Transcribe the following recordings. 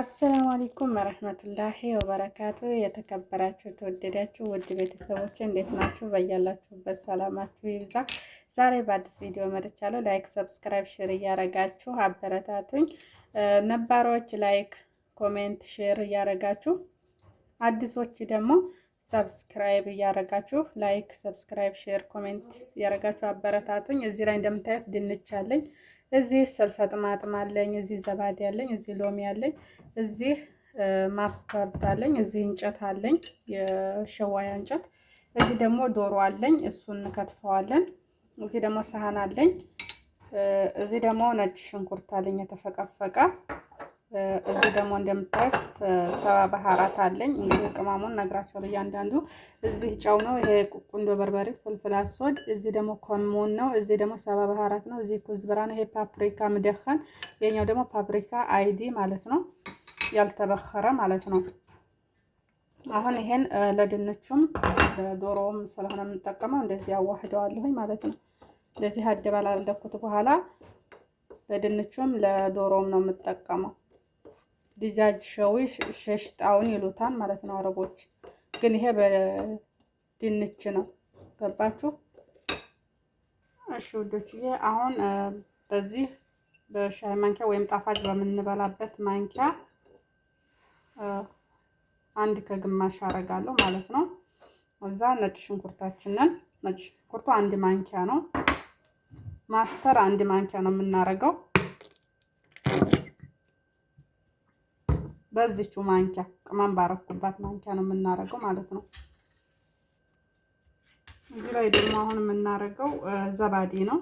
አሰላሙ አለይኩም ወረህመቱላሂ ወበረካቱ። የተከበራችሁ የተወደዳችሁ ውድ ቤተሰቦች እንዴት ናችሁ? በያላችሁበት ሰላማችሁ ይብዛ። ዛሬ በአዲስ ቪዲዮ መጥቻለሁ። ላይክ፣ ሰብስክራይብ፣ ሼር እያረጋችሁ አበረታቱኝ። ነባሮች ላይክ፣ ኮሜንት፣ ሼር እያረጋችሁ አዲሶች ደግሞ ሰብስክራይብ እያረጋችሁ ላይክ፣ ሰብስክራይብ፣ ሼር፣ ኮሜንት እያረጋችሁ አበረታቱኝ። እዚህ ላይ እንደምታዩት ድንች አለኝ እዚህ ሰልሳ ጥማጥም አለኝ፣ እዚህ ዘባድ ያለኝ፣ እዚህ ሎሚ አለኝ፣ እዚህ ማስተርድ አለኝ፣ እዚህ እንጨት አለኝ፣ የሸዋያ እንጨት። እዚህ ደግሞ ዶሮ አለኝ፣ እሱን እንከትፈዋለን። እዚህ ደግሞ ሰሃን አለኝ። እዚህ ደግሞ ነጭ ሽንኩርት አለኝ የተፈቀፈቀ እዚህ ደግሞ እንደምታዩት ሰባ ባህራት አለኝ። እንግዲህ ቅመሙን ነግራቸዋል እያንዳንዱ። እዚህ ጨው ነው፣ ይሄ ቁንዶ በርበሬ ፍልፍል አስወድ። እዚህ ደግሞ ኮሙን ነው፣ እዚህ ደግሞ ሰባ ባህራት ነው፣ እዚህ ኩዝብራ ነው፣ ይሄ ፓፕሪካ ምደኸን፣ ይሄኛው ደግሞ ፓፕሪካ አይዲ ማለት ነው፣ ያልተበከረ ማለት ነው። አሁን ይሄን ለድንቹም ለዶሮም ስለሆነ የምንጠቀመው እንደዚህ አዋህደዋለሁኝ ማለት ነው። እንደዚህ አደባላለኩት በኋላ ለድንቹም ለዶሮም ነው የምጠቀመው። ዲጃጅ ሸዊ ሸሽጣውን ይሉታል ማለት ነው አረቦች። ግን ይሄ በድንች ነው። ገባችሁ? እሺ ይሄ አሁን በዚህ በሻይ ማንኪያ ወይም ጣፋጭ በምንበላበት ማንኪያ አንድ ከግማሽ አረጋለሁ ማለት ነው። እዛ ነጭ ሽንኩርታችንን ነጭ ሽንኩርቱ አንድ ማንኪያ ነው። ማስተር አንድ ማንኪያ ነው የምናረገው። በዚቹ ማንኪያ ቅመም ባረኩባት ማንኪያ ነው የምናደርገው ማለት ነው። እዚህ ላይ ደግሞ አሁን የምናደርገው ዘባዴ ነው።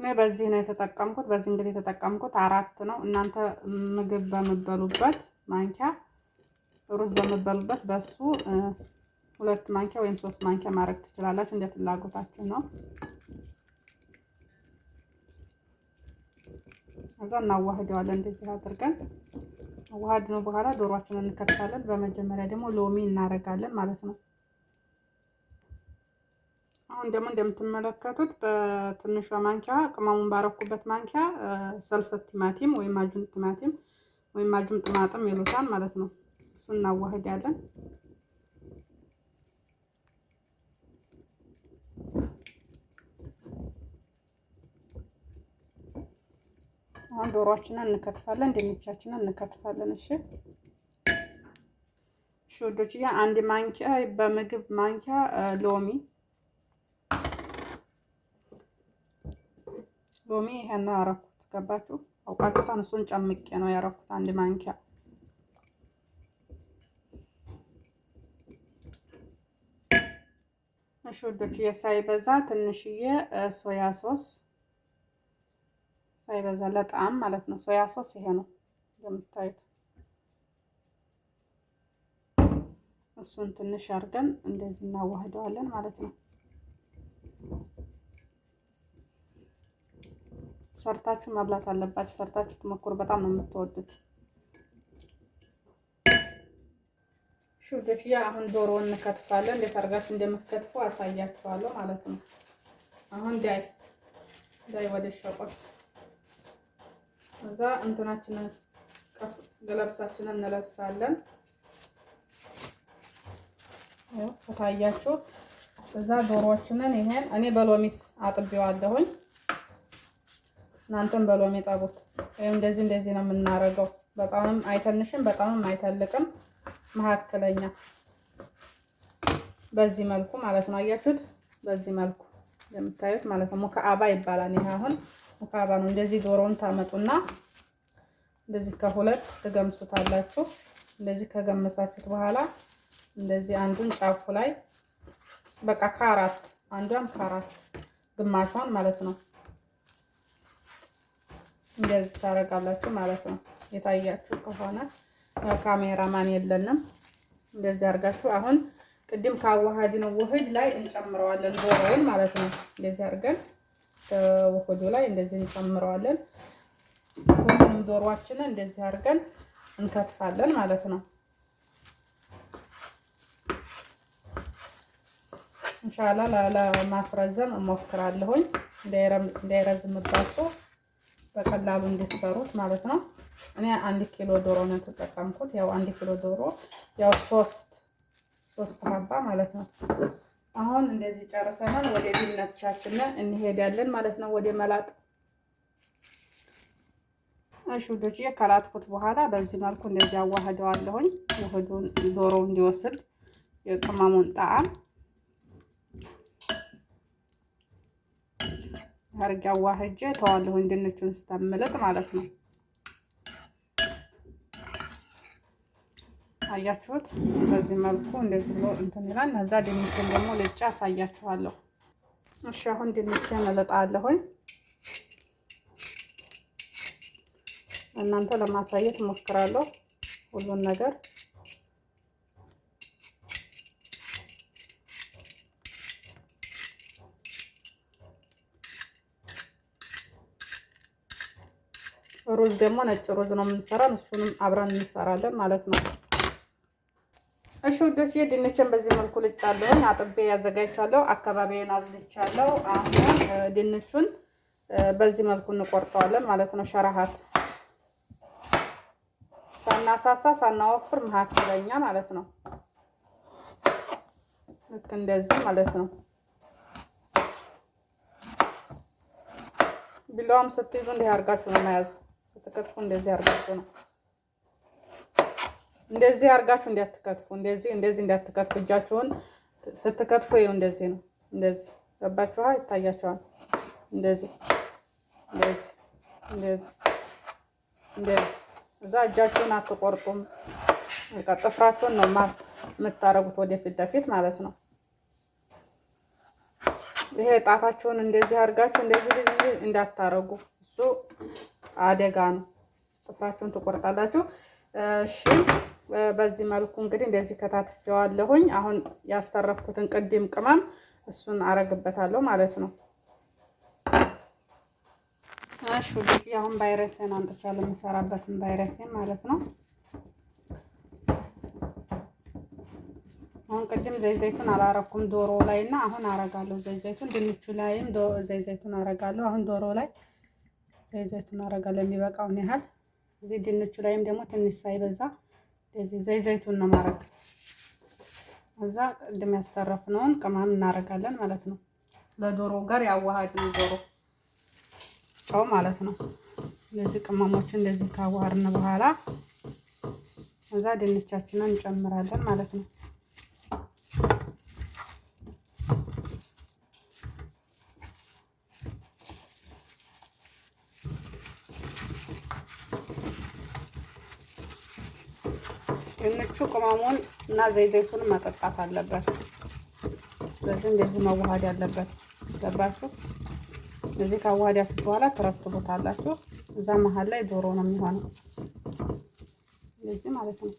እኔ በዚህ ነው የተጠቀምኩት። በዚህ እንግዲህ የተጠቀምኩት አራት ነው። እናንተ ምግብ በምበሉበት ማንኪያ፣ ሩዝ በምበሉበት በሱ ሁለት ማንኪያ ወይም ሶስት ማንኪያ ማድረግ ትችላላችሁ፣ እንደ ፍላጎታችሁ ነው። እዛ እናዋህደዋለን እንደዚህ አድርገን ውሃድ ነው በኋላ ዶሯችንን እንከታለን። በመጀመሪያ ደግሞ ሎሚ እናደርጋለን ማለት ነው። አሁን ደግሞ እንደምትመለከቱት በትንሿ ማንኪያ ቅመሙን ባረኩበት ማንኪያ ሰልሰ ቲማቲም ወይም አጁም ቲማቲም ወይም ማጁም ጥማጥም ይሉታል ማለት ነው። እሱ እናዋህድ ያለን አሁን ዶሮአችንን እንከትፋለን፣ ድንቻችንን እንከትፋለን። እሺ ያ አንድ ማንኪያ በምግብ ማንኪያ ሎሚ ሎሚ ይሄን ነው ያረኩት። ገባችሁ? አውቃችሁታን። እሱን ጨምቄ ነው ያረኩት አንድ ማንኪያ። እሺ የሳይ ሳይበዛ ትንሽዬ ሶያ ሶስ ሳይበዛ ለጣም ማለት ነው። ሶያ ሶስ ይሄ ነው እንደምታዩት። እሱን ትንሽ አድርገን እንደዚህ እናዋህደዋለን ማለት ነው። ሰርታችሁ መብላት አለባችሁ። ሰርታችሁ ትሞክሩ። በጣም ነው የምትወዱት። ያ አሁን ዶሮ እንከትፋለን። እንዴት አድርጋችሁ እንደምትከትፉ አሳያችኋለሁ ማለት ነው። አሁን ዳይ ዳይ ወደ ሸቆት እዛ እንትናችንን ገለብሳችንን እንለብሳለን። ከታያችሁ እዛ ዶሮዎችንን ይሄን እኔ በሎሚስ አለሁኝ እናንተም በሎሚ ጠቡት። ወይም እንደዚህ እንደዚህ ነው የምናደርገው በጣምም አይተንሽም፣ በጣምም አይተልቅም። መካከለኛ በዚህ መልኩ ማለት ነው። አያችሁት? በዚህ መልኩ የምታዩት ማለት ነው። ሙከአባ ይባላል ይሄ አሁን ሙካባ ነው። እንደዚህ ዶሮውን ታመጡና እንደዚህ ከሁለት ትገምሱታላችሁ። እንደዚህ ከገመሳችሁት በኋላ እንደዚህ አንዱን ጫፉ ላይ በቃ ከአራት አንዷን ከአራት ግማሿን ማለት ነው እንደዚህ ታደርጋላችሁ ማለት ነው። የታያችሁ ከሆነ ካሜራማን የለንም። እንደዚህ አድርጋችሁ አሁን ቅድም ካዋሃድ ነው ውህድ ላይ እንጨምረዋለን ዶሮውን ማለት ነው። እንደዚህ አድርገን ውህዱ ላይ እንደዚህ እንጨምረዋለን። ሁሉንም ዶሯችንን እንደዚህ አድርገን እንከትፋለን ማለት ነው። እንሻላ ለማስረዘም እሞክራለሁኝ እንዳይረዝምባችሁ በቀላሉ እንዲሰሩት ማለት ነው። እኔ አንድ ኪሎ ዶሮ ነው የተጠቀምኩት። ያው አንድ ኪሎ ዶሮ ያው ሶስት ሶስት ሀባ ማለት ነው። አሁን እንደዚህ ጨርሰናል። ወደ ቢነቻችን እንሄዳለን ማለት ነው፣ ወደ መላጥ። እሺ ውዶች፣ ከላጥኩት በኋላ በዚህ መልኩ እንደዚህ አዋህደዋለሁኝ። ውህዱን ዶሮ እንዲወስድ የቅመሙን ጣዕም አርጌ አዋህጄ ተዋለሁ፣ ድንቹን ስታምለጥ ማለት ነው። አያችሁት? በዚህ መልኩ እንደዚህ ብሎ እንትን ይላል። እዛ ድንችን ደግሞ ልጫ አሳያችኋለሁ። እሺ አሁን ድንችን እልጣለሁኝ። እናንተ ለማሳየት ሞክራለሁ ሁሉን ነገር ሩዝ ደግሞ ነጭ ሩዝ ነው የምንሰራን። እሱንም አብረን እንሰራለን ማለት ነው። እሺ ውዶች ድንችን በዚህ መልኩ ልጫለሁኝ አጥቤ ያዘጋጅቻለሁ። አካባቢዬን አዝልቻለሁ። አሁን ድንቹን በዚህ መልኩ እንቆርጠዋለን ማለት ነው። ሸራሃት ሳናሳሳ ሳናወፍር መካከለኛ ማለት ነው። ልክ እንደዚህ ማለት ነው። ቢላዋም ስትይዙ እንዲህ አድርጋችሁ ነው መያዝ። ስትከትፉ እንደዚህ አድርጋችሁ ነው እንደዚህ አርጋችሁ እንዳትከትፉ። እንደዚህ እንደዚህ እንዳትከትፉ። እጃችሁን ስትከትፉ ይኸው እንደዚህ ነው። እንደዚህ ገባችኋ? ይታያችኋል። እንደዚህ እንደዚህ እንደዚህ እንደዚህ። እዛ እጃችሁን አትቆርጡም። በቃ ጥፍራችሁን ነው የምታረጉት ወደፊት ደፊት ማለት ነው። ይሄ ጣታችሁን እንደዚህ አድርጋችሁ እንደዚህ እንዳታረጉ፣ እሱ አደጋ ነው። ጥፍራችሁን ትቆርጣላችሁ። እሺ በዚህ መልኩ እንግዲህ እንደዚህ ከታትፌዋለሁኝ። አሁን ያስተረፍኩትን ቅድም ቅመም እሱን አረግበታለሁ ማለት ነው። እሺ ውድ አሁን ቫይረሴን አንጥቻለሁ፣ የምሰራበትን ባይረሴን ማለት ነው። አሁን ቅድም ዘይዘይቱን አላረኩም ዶሮ ላይ እና አሁን አረጋለሁ ዘይዘይቱን። ድንቹ ላይም ዘይዘይቱን አረጋለሁ። አሁን ዶሮ ላይ ዘይዘይቱን አረጋለሁ የሚበቃውን ያህል። እዚህ ድንቹ ላይም ደግሞ ትንሽ ሳይበዛ እዚህ ዘይ ዘይቱን ነው ማድረግ። እዛ ቅድም ያስተረፍነውን ቅመም እናደርጋለን ማለት ነው። ለዶሮ ጋር ያዋሃድ ነው ዶሮ ጨው ማለት ነው። እነዚህ ቅመሞች እንደዚህ ካዋሃርን በኋላ እዛ ድንቻችንን እንጨምራለን ማለት ነው። ድንቹ ቅመሙን እና ዘይዘይቱን መጠጣት አለበት። በዚህ እንደዚህ መዋሃድ ያለበት ገባችሁ። እዚህ ካዋሃዳችሁ በኋላ ትረትቡታላችሁ። እዛ መሀል ላይ ዶሮ ነው የሚሆነው እንደዚህ ማለት ነው።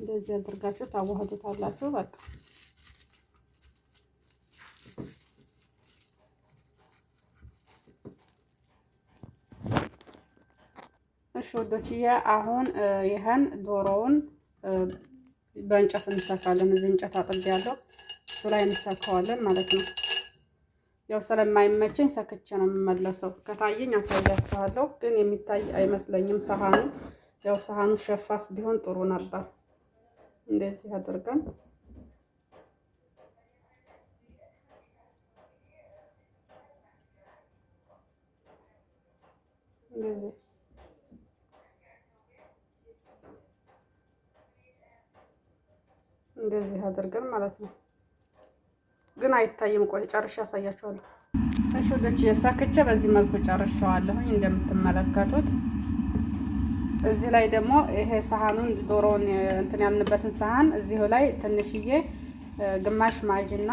እንደዚህ አድርጋችሁ ታዋህዱታላችሁ በቃ ወዶችዬ አሁን ይህን ዶሮውን በእንጨት እንሰካለን። እዚህ እንጨት አጥርግ ያለው እሱ ላይ እንሰካዋለን ማለት ነው። ያው ስለማይመቸኝ ሰክቼ ነው የምመለሰው። ከታየኝ አሳያችኋለሁ፣ ግን የሚታይ አይመስለኝም ሰሃኑ። ያው ሰሃኑ ሸፋፍ ቢሆን ጥሩ ነበር። እንደዚህ አድርገን እንደዚህ እንደዚህ አድርገን ማለት ነው። ግን አይታይም። ቆይ ጨርሼ ያሳያችኋለሁ። እሺ ወዶች የሳክቼ በዚህ መልኩ አለሁ እንደምትመለከቱት። እዚህ ላይ ደግሞ ይሄ ሰሃኑን ዶሮን እንትን ያልንበትን ሰሃን እዚሁ ላይ ትንሽዬ ግማሽ ማጅና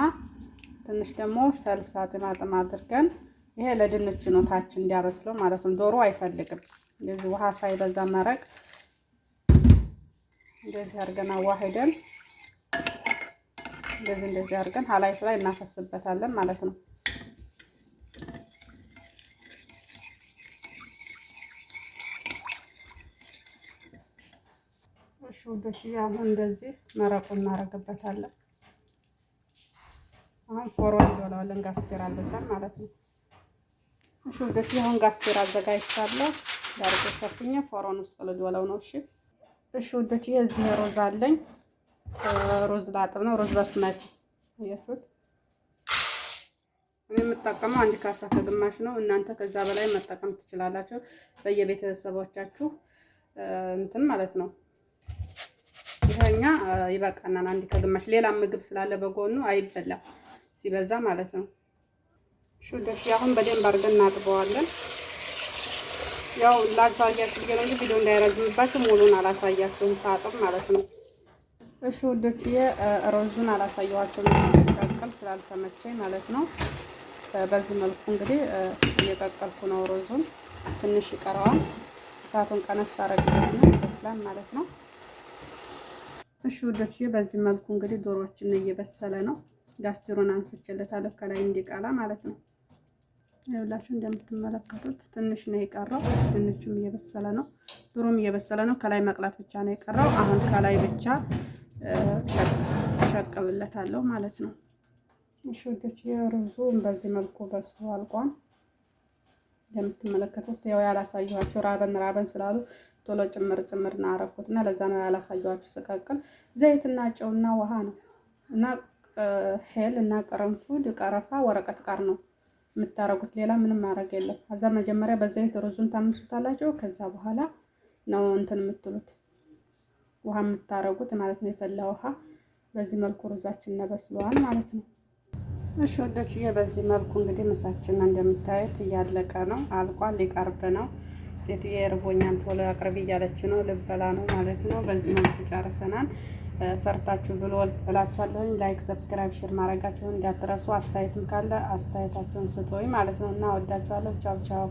ትንሽ ደግሞ ሰልሳ ጥማጥም አድርገን ይሄ ለድንች ነው ታች እንዲያበስለው ማለት ነው። ዶሮ አይፈልግም እንደዚህ ውሃ ሳይበዛ መረቅ እንደዚህ አድርገን አዋህደን እንደዚህ እንደዚህ አድርገን ሀላይቱ ላይ እናፈስበታለን ማለት ነው። እሺ ውዶች፣ አሁን እንደዚህ መረቁ እናደርግበታለን። አሁን ፎርዋርድ እንወለዋለን። ጋስቴር አለሰን ማለት ነው። እሺ ውዶች፣ አሁን ጋስቴር አዘጋጅቻለሁ። ዳርቆ ሸፍኜ ፎሮን ውስጥ ልወለው ነው። እሺ እሺ ውዶች፣ የዚህ ሮዝ አለኝ ሩዝ ላጥብ ነው። ሩዝ በስመት እያሹት እኔ የምጠቀመው አንድ ካሳ ከግማሽ ነው። እናንተ ከዛ በላይ መጠቀም ትችላላችሁ። በየቤተሰቦቻችሁ እንትን ማለት ነው። ይኸኛ ይበቃናል። አንድ ከግማሽ ሌላ ምግብ ስላለ በጎኑ አይበላም ሲበዛ ማለት ነው። ሹደሽ አሁን በደንብ አድርገን እናጥበዋለን። ያው ላሳያችሁ ብዬ ነው እንጂ ቪዲዮ እንዳይረዝምባችሁ ሙሉን አላሳያችሁም ሳጥብ ማለት ነው። እሺ ውዶች ሮዙን አላሳየኋቸውም ቀቅል ስላልተመቸኝ ማለት ነው። በዚህ መልኩ እንግዲህ እየቀቀልኩ ነው። ሮዙን ትንሽ ይቀረዋል። እሳቱን ቀነስ አረግና ይበስላል ማለት ነው። እሺ ውዶች በዚህ መልኩ እንግዲህ ዶሮዎችን እየበሰለ ነው። ጋስትሮን አንስቼለታለሁ ከላይ እንዲቀላ ማለት ነው። ይኸውላችሁ እንደምትመለከቱት ትንሽ ነው የቀረው። ድንቹም እየበሰለ ነው፣ ዶሮም እየበሰለ ነው። ከላይ መቅላት ብቻ ነው የቀረው። አሁን ከላይ ብቻ ሸቅልለታለሁ ማለት ነው። እሺ የሩዙን በዚህ መልኩ በስሎ አልቋም። እንደምትመለከቱት ያው ያላሳየኋቸው ራበን ራበን ስላሉ ቶሎ ጭምር ጭምር ናረኩት እና ለዛ ነው ያላሳየኋችሁ። ስቀቅል ዘይትና ጨውና ውሃ ነው እና ሄል እና ቅርንፉድ፣ ቀረፋ፣ ወረቀት ቃር ነው የምታረጉት። ሌላ ምንም ማድረግ የለም። ከዛ መጀመሪያ በዘይት ሩዙን ታምሱታላቸው። ከዛ በኋላ ነው እንትን የምትሉት ውሃ የምታረጉት ማለት ነው። የፈላ ውሃ በዚህ መልኩ ሩዛችን ነበስለዋል ማለት ነው። እሺ ወዶችዬ በዚህ መልኩ እንግዲህ ምሳችን እንደምታዩት እያለቀ ነው፣ አልቋል፣ ሊቀርብ ነው። ሴትዬ እርቦኛል ቶሎ አቅርቢ እያለች ነው፣ ልበላ ነው ማለት ነው። በዚህ መልኩ ጨርሰናል። ሰርታችሁ ብሎ እላችኋለሁኝ። ላይክ፣ ሰብስክራይብ፣ ሽር ማድረጋችሁን እንዳትረሱ። አስተያየትም ካለ አስተያየታችሁን ስጡኝ ማለት ነው እና ወዳችኋለሁ። ቻው ቻው